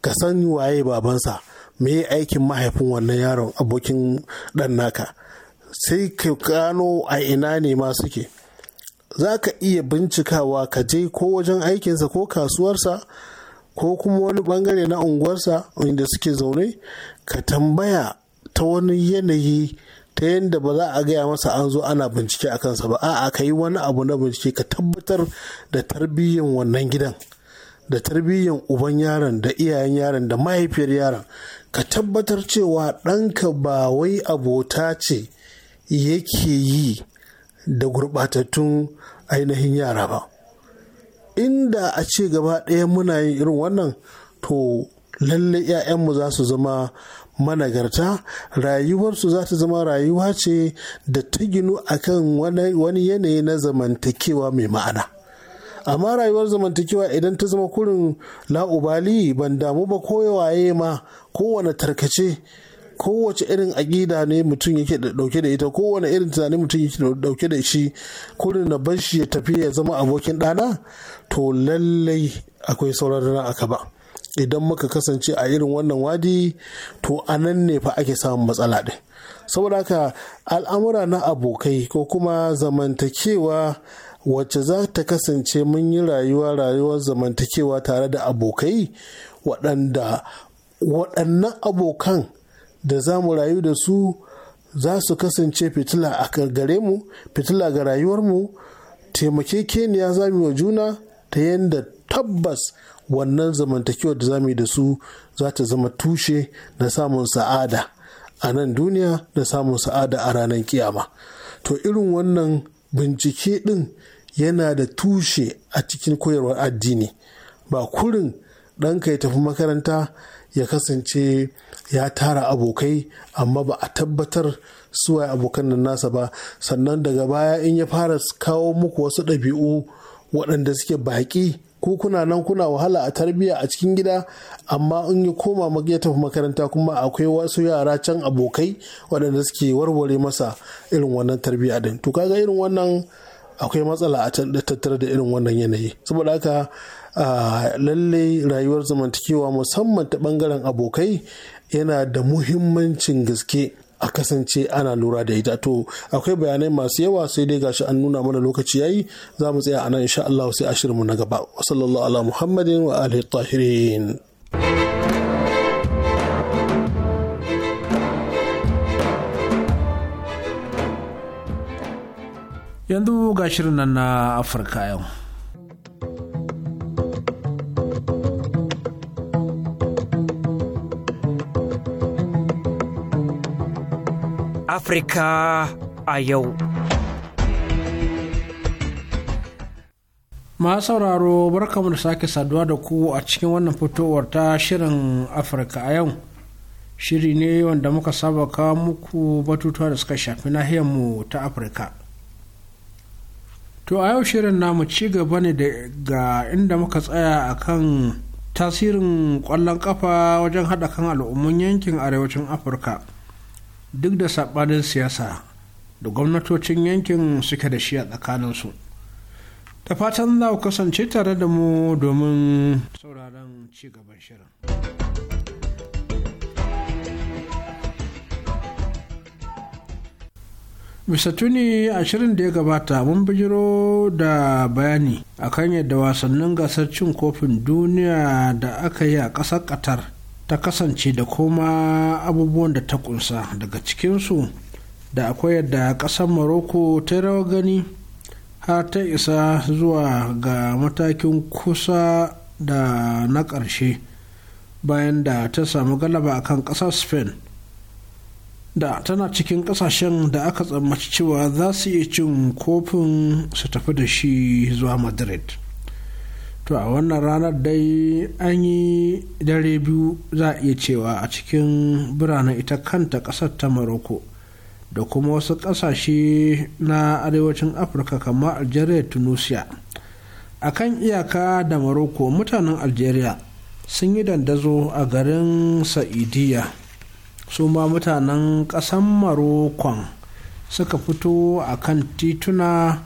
ka san waye babansa me aikin mahaifin wannan yaron abokin ɗan naka sai ka gano a ina ne ma suke za ka iya bincikawa ka je ko wajen aikinsa ko kasuwarsa ko kuma wani bangare na unguwarsa inda suke zaune ka tambaya ta wani yanayi ta yadda ba za a gaya masa an zo ana bincike a kansa ba a'a ka yi wani abu na bincike ka tabbatar da tarbiyyan wannan gidan da tarbiyyan uban yaron da iyayen yaron da mahaifiyar yaron ka tabbatar cewa ɗanka ba wai abota ce yake yi da gurɓatattun ainihin yara ba inda a ce gaba ɗaya muna yin irin wannan to lalle 'ya'yanmu za su zama managarta rayuwarsu za ta zama rayuwa ce da ta ginu akan wani yanayi na zamantakewa mai ma'ana amma rayuwar zamantakewa idan ta zama kurin la'ubali ban damu ba koyawaye ma kowane tarkace kowace irin aƙida ne mutum yake dauke da ita kowane irin tunani mutum yake dauke da shi kurin na bar shi ya tafi ya zama abokin ɗana to lallai akwai sauran aka ba. idan muka kasance a irin wannan wadi to a nan ne fa ake samun matsala ɗin saboda haka al'amura na abokai ko kuma zamantakewa wacce za ta kasance mun yi rayuwa rayuwar zamantakewa tare da abokai waɗanda waɗannan abokan da za mu rayu da su za su kasance fitila a gare mu fitila ga rayuwarmu keniya za mu wa juna ta yadda tabbas wannan zamantakewar da za mu yi da su za ta zama tushe na samun sa'ada a nan duniya da samun sa'ada a ranar kiyama to irin wannan bincike ɗin yana da tushe a cikin koyarwar addini ba kurin ɗanka ya tafi makaranta ya kasance ya tara abokai amma ba a tabbatar suwaye abokan nan nasa ba sannan daga baya in ya fara kawo muku wasu ɗabi'u waɗanda suke baƙi ko kuna nan kuna wahala a tarbiyya a cikin gida amma in ya koma ya tafi makaranta kuma akwai wasu yara can abokai waɗanda suke warware masa irin wannan tarbiyya din to kaga irin wannan akwai matsala a tattare da irin wannan yanayi saboda haka lalle rayuwar zamantakewa musamman ta bangaren abokai yana da muhimmancin gaske a kasance ana lura da ita to akwai bayanai masu yawa sai dai gashi an nuna mana lokaci yayi za mu tsaya a nan insha Allah sai a mu na gaba wa sallallahu ala muhammadin wa alihi tahirin yanzu ga shirin nan na afirka yau Afirka a yau. Ma sauraro barkamu da sake saduwa da ku a cikin wannan fitowar ta shirin Afirka a yau. Shiri ne wanda muka saba kawo muku batutuwa da suka shafi nahiyarmu ta Afirka. to a yau shirin mu ci gaba ne daga inda muka tsaya a kan tasirin ƙwallon ƙafa wajen haɗa kan al'ummun yankin arewacin afirka duk da saɓanin siyasa da gwamnatocin yankin suke da shi a tsakaninsu ta fatan za ku kasance tare da mu domin sauraron ci gaban shirin. bisa tuni ashirin da ya gabata mun bijiro da bayani akan yadda wasannin gasar cin kofin duniya da aka yi a ƙasar qatar ta kasance da kuma abubuwan da ta kunsa daga cikinsu da akwai yadda ƙasar morocco ta rawa gani har ta isa zuwa ga matakin kusa da na ƙarshe bayan da ta samu galaba akan ƙasar spain da tana cikin kasashen da aka tsammaci cewa za su iya cin kofin su tafi da shi zuwa madrid to a wannan ranar dai an yi dare biyu za a iya cewa a cikin biranen ita kanta kasar ta morocco da kuma wasu kasashe na arewacin afirka kamar algeria tunisia a kan iyaka da morocco mutanen algeria sun yi dandazo a garin sa'idiyya su ma mutanen ƙasan marokon suka fito a kan tituna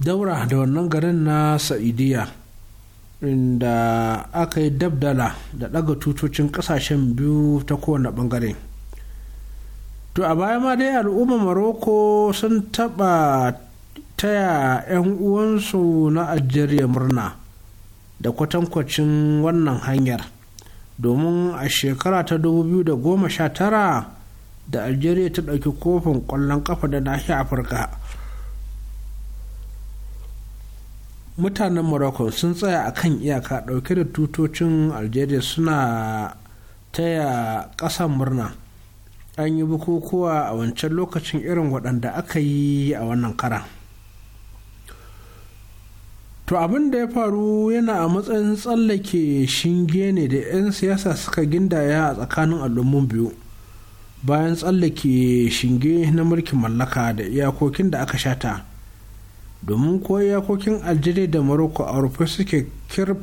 daura da wannan garin na sa'idiya inda aka yi dabdala da ɗaga tutocin ƙasashen biyu ta kowane ɓangare to a baya ma dai al'ummar maroko sun taɓa taya 'yan uwansu na algeria murna da kwatankwacin wannan hanyar domin a shekara ta 2019 da algeria ta ɗauki kofin ƙwallon ƙafa da nahiyar afirka mutanen morocco sun tsaya a kan iyaka ɗauke da tutocin algeria suna taya ƙasa murna an yi bukukuwa a wancan lokacin irin waɗanda aka yi a wannan karan. to abin da ya faru yana a matsayin tsallake shinge ne da 'yan siyasa suka gindaya a tsakanin al'ummun biyu bayan tsallake shinge na mulkin mallaka da iyakokin da aka shata domin ko iyakokin algeria da maroko a rufe suke kir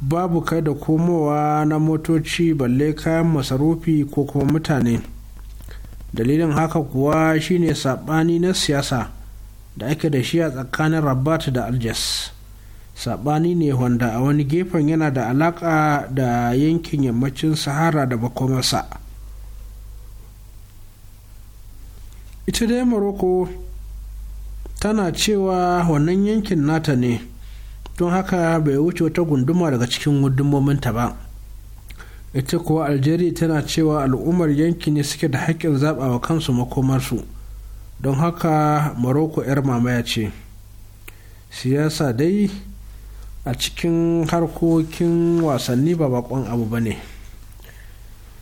babu kai da komowa na motoci balle kayan masarufi ko kuma mutane dalilin haka kuwa shine saɓani na siyasa da ake da shi a tsakanin rabat da aljas saɓani ne wanda a wani gefen yana da alaƙa da yankin yammacin sahara da makomarsa ita dai morocco tana cewa wannan yankin nata ne don haka bai wuce wata gunduma daga cikin gundumominta ba ita kuwa algeria tana cewa al'ummar yanki ne suke da haƙƙin wa kansu makomarsu don haka Maroko 'yar mamaya ce siyasa dai a cikin harkokin wasanni ba bakon abu ba ne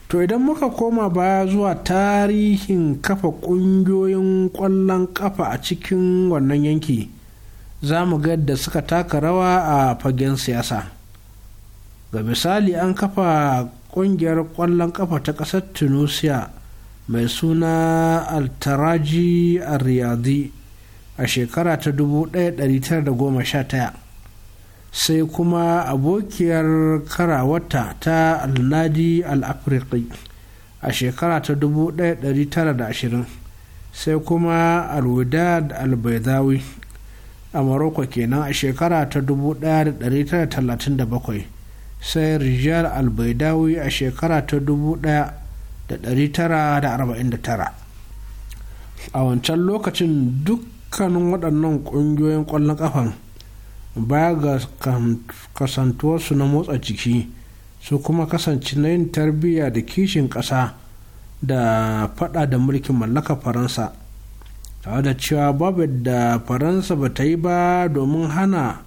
to idan muka koma baya zuwa tarihin kafa ƙungiyoyin ƙwallon ƙafa a cikin wannan yanki za mu ga da suka taka rawa a fagen siyasa ga misali an kafa ƙungiyar ƙwallon ƙafa ta ƙasar tunisia mai suna altaraji a riyadi a shekara ta 1911 sai kuma abokiyar karawata ta alnadi al afriki a shekara ta 1920 sai kuma alwudad al-baidawi a morocco kenan a shekara ta 1937 sai rijiyar al-baidawi a shekara ta 1949 a wancan lokacin dukkanin waɗannan ƙungiyoyin ƙwallon ƙafan baya ga kasantuwarsu na motsa jiki su kuma kasance na yin tarbiyya da kishin ƙasa da faɗa da mulkin mallaka faransa tare da cewa babu da faransa ba ta yi ba domin hana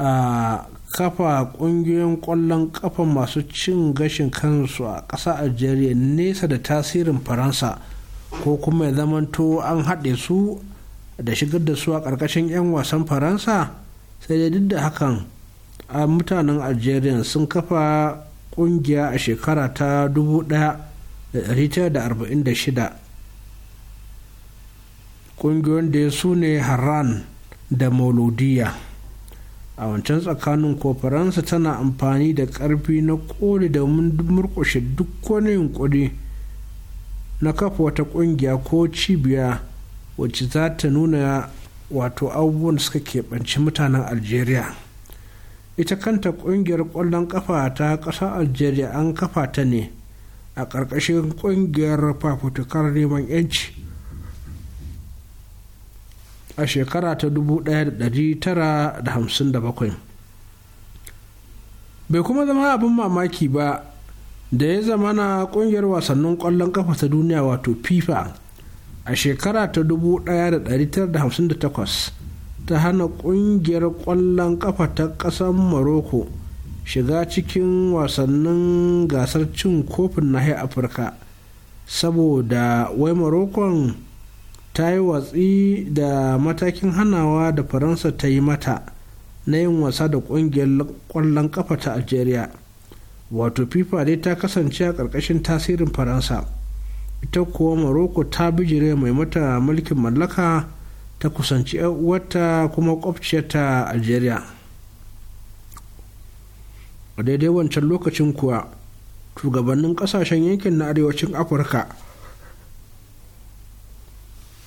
a kafa kungiyoyin kwallon kafa masu cin gashin kansu a ƙasa algeria nesa da tasirin faransa ko kuma ya zamanto an haɗe su da shigar da su a ƙarƙashin 'yan wasan faransa sai dai duk da hakan a mutanen algeria sun kafa ƙungiya a shekara ta 1946 ƙungiyoyin da su ne haran da molodiya a wancan tsakanin ko faransa tana amfani da ƙarfi na koli da murkushe duk wani yunkuri na kafa wata ƙungiya ko cibiya wacce za ta nuna wato abubuwan suka keɓanci mutanen algeria ita kanta ƙungiyar ƙwallon kafa ta ƙasar algeria an kafa ta ne a ƙarƙashin ƙungiyar fafutukar neman 'yanci a shekara ta 1957 bai kuma zama abin mamaki ba da ya zama na kungiyar wasannin kwallon kafa ta duniya wato fifa a shekara ta 1958 ta hana kungiyar kwallon kafa ta ƙasan morocco shiga cikin wasannin gasar cin kofin nahiyar afirka saboda wai moroccan ta yi watsi da matakin hanawa da faransa ta yi mata na yin wasa da kungiyar kwallon kafa ta algeria wato fifa dai ta kasance a ƙarƙashin tasirin faransa ita kuwa morocco ta bijire mai mata mulkin mallaka ta kusanci uwarta kuma kwafciyarta algeria a daidai wancan lokacin kuwa shugabannin kasashen yankin na arewacin afirka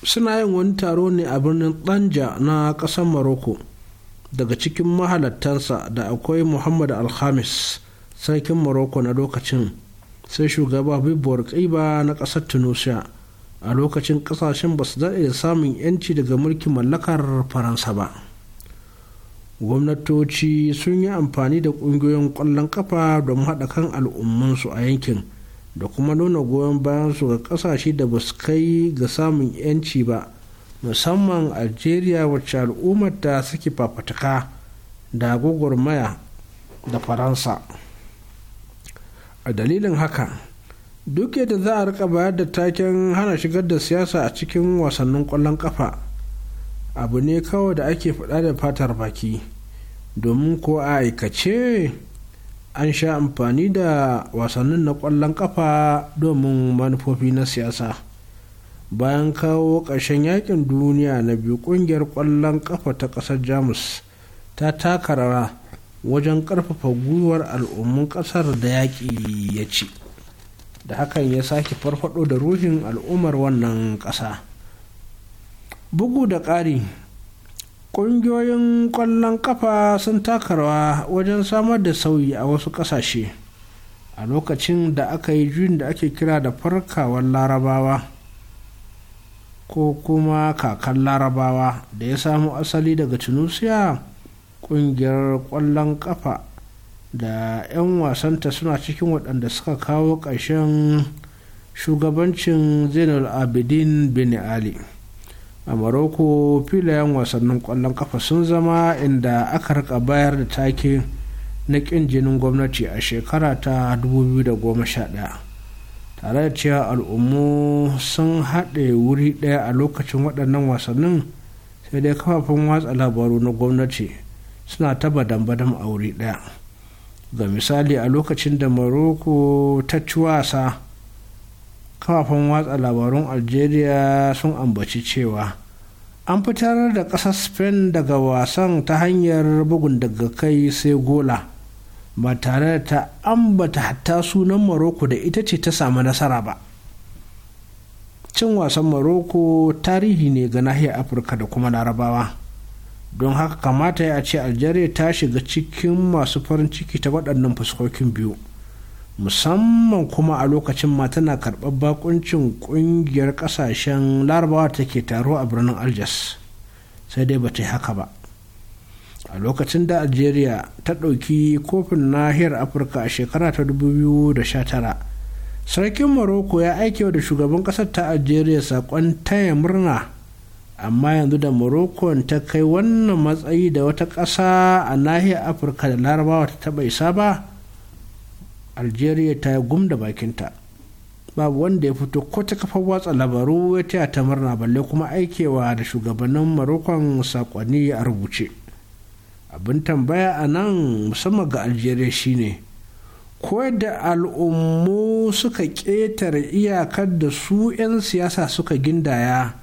suna yin wani taro ne a birnin ɗanja na ƙasar maroko daga cikin mahalattansa da akwai muhammad alhamis sarkin maroko na lokacin sai shugaba bibuwar ƙiba na ƙasar tunisia a lokacin ƙasashen ba su daɗe da samun 'yanci daga mulkin mallakar faransa ba gwamnatoci sun yi amfani da ƙungiyoyin ƙwallon ƙafa don haɗa kan al'ummansu a yankin da kuma nuna goyon bayan su ga kasashe da ba su kai ga samun 'yanci ba musamman algeria wacce al'ummar ta suke fafatuka da gwagwarmaya da faransa a dalilin haka duk yadda za a rika bayar da taken hana shigar da siyasa a cikin wasannin kwallon kafa abu ne kawai da ake faɗa da fatar baki domin ko a aikace an sha amfani da wasannin na ƙwallon ƙafa domin manufofi na siyasa bayan kawo ƙarshen yakin duniya na biyu ƙungiyar ƙwallon ƙafa ta ƙasar jamus ta taka rawa wajen ƙarfafa gwiwar al'ummun ƙasar da yaƙi ya ci da hakan ya sake farfado da ruhin al'ummar wannan ƙasa bugu da ƙari ƙungiyoyin ƙwallon kafa sun takarwa wajen samar da sauyi a wasu ƙasashe a lokacin da aka yi juyin da ake kira da farkawar larabawa ko kuma kakan larabawa da ya samu asali daga tunusiya. ƙungiyar ƙwallon kafa da 'yan wasanta suna cikin waɗanda suka kawo ƙarshen shugabancin zainul abidin bin ali a maroko filayen wasannin kwallon kafa sun zama inda aka rika bayar da take na kin jinin gwamnati a shekara ta 2011 tare da cewa al'ummu sun haɗe wuri ɗaya a lokacin waɗannan wasannin sai dai kafafen watsa labaru na gwamnati suna ta dambadam a wuri ɗaya ga misali a lokacin da maroko ta ci wasa kafafen watsa labarun algeria sun ambaci cewa an fitar da ƙasar spain daga wasan ta hanyar bugun daga kai sai gola ba tare da ta ambata hatta sunan morocco da ita ce ta samu nasara ba cin wasan morocco tarihi ne ga nahiyar afirka da kuma larabawa don haka kamata ya ce algeria ta shiga cikin masu farin ciki ta waɗannan fuskokin biyu musamman kuma a lokacin ma tana karɓar bakuncin ƙungiyar ƙasashen larabawa ke taro a birnin aljas sai dai bata yi haka ba a lokacin da algeria ta ɗauki kofin nahiyar afirka a shekara ta 2019 sarkin morocco ya aikewa da shugaban ƙasar ta algeria saƙon taya murna amma yanzu da morocco ta kai wannan matsayi da wata ƙasa a nahiyar afirka da larabawa ta taɓa isa ba algeria ta yi gumda bakinta babu wanda ya fito ko ta kafar watsa labaru ya taya ta murna balle kuma aikewa da shugabannin marokon sakonni a rubuce abin tambaya a nan musamman ga algeria shine ko da al'ummu suka ƙetare iyakar da su 'yan siyasa suka gindaya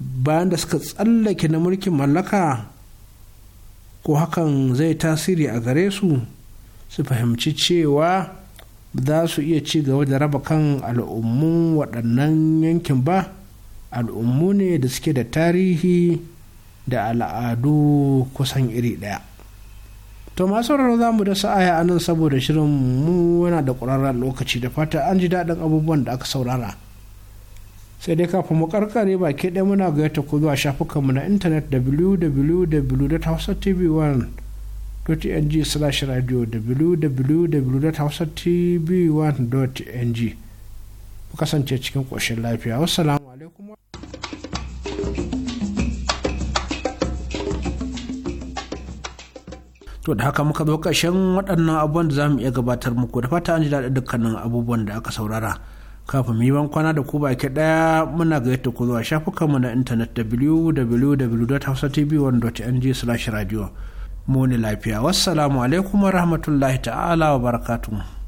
bayan da suka tsallake na mulkin mallaka ko hakan zai tasiri a gare su su fahimci cewa za su iya ci gaba da raba kan al'ummun waɗannan yankin ba al'ummu ne da suke da tarihi da al'adu kusan iri ɗaya to masu za mu da sa'aya anan saboda shirin mu yana da ƙwararren lokaci da fata an ji daɗin abubuwan da aka saurara. sai dai kafin mu karkare baki ɗaya muna gayyata ku zuwa shafukanmu na intanet www.hausatv1 ng slash radio www.hausatv1.ng ku kasance cikin ƙoshin lafiya wassalamu alaikum to da haka muka zo ƙarshen waɗannan abubuwan da za mu iya gabatar muku da fata an ji daɗin dukkanin abubuwan da aka saurara kafin mu yi kwana da ku baki ɗaya muna ga yadda ku zuwa shafukanmu na intanet www.hausatv1.ng slash radio muni lafiya wassalamu alaikum wa rahmatullahi ta'ala wa barakatuhu